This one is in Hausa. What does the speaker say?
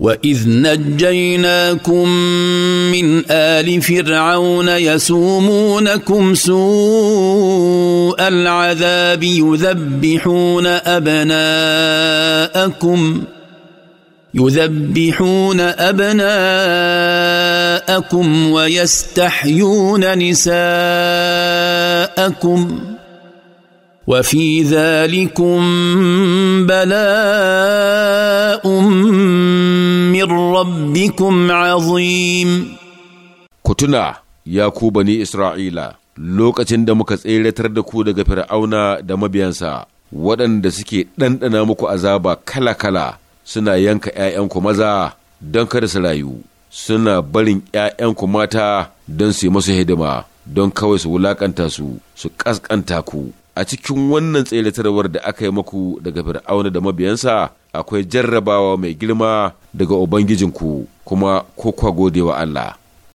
واذ نجيناكم من ال فرعون يسومونكم سوء العذاب يذبحون ابناءكم يذبحون ابناءكم ويستحيون نساءكم وفي ذلكم بلاء من ربكم عظيم ya ku bani Isra’ila, lokacin da muka tseratar da ku daga fir'auna da mabiyansa waɗanda suke ɗanɗana muku azaba kala-kala suna yanka ‘ya'yanku maza don kada su rayu suna barin ‘ya'yanku mata don su yi masu hidima don kawai su wulaƙanta su su ƙasƙanta ku a cikin wannan tseratarwar da aka yi maku daga fir'auna da mabiyansa akwai jarrabawa mai girma daga Ubangijinku kuma ko kwa gode wa Allah.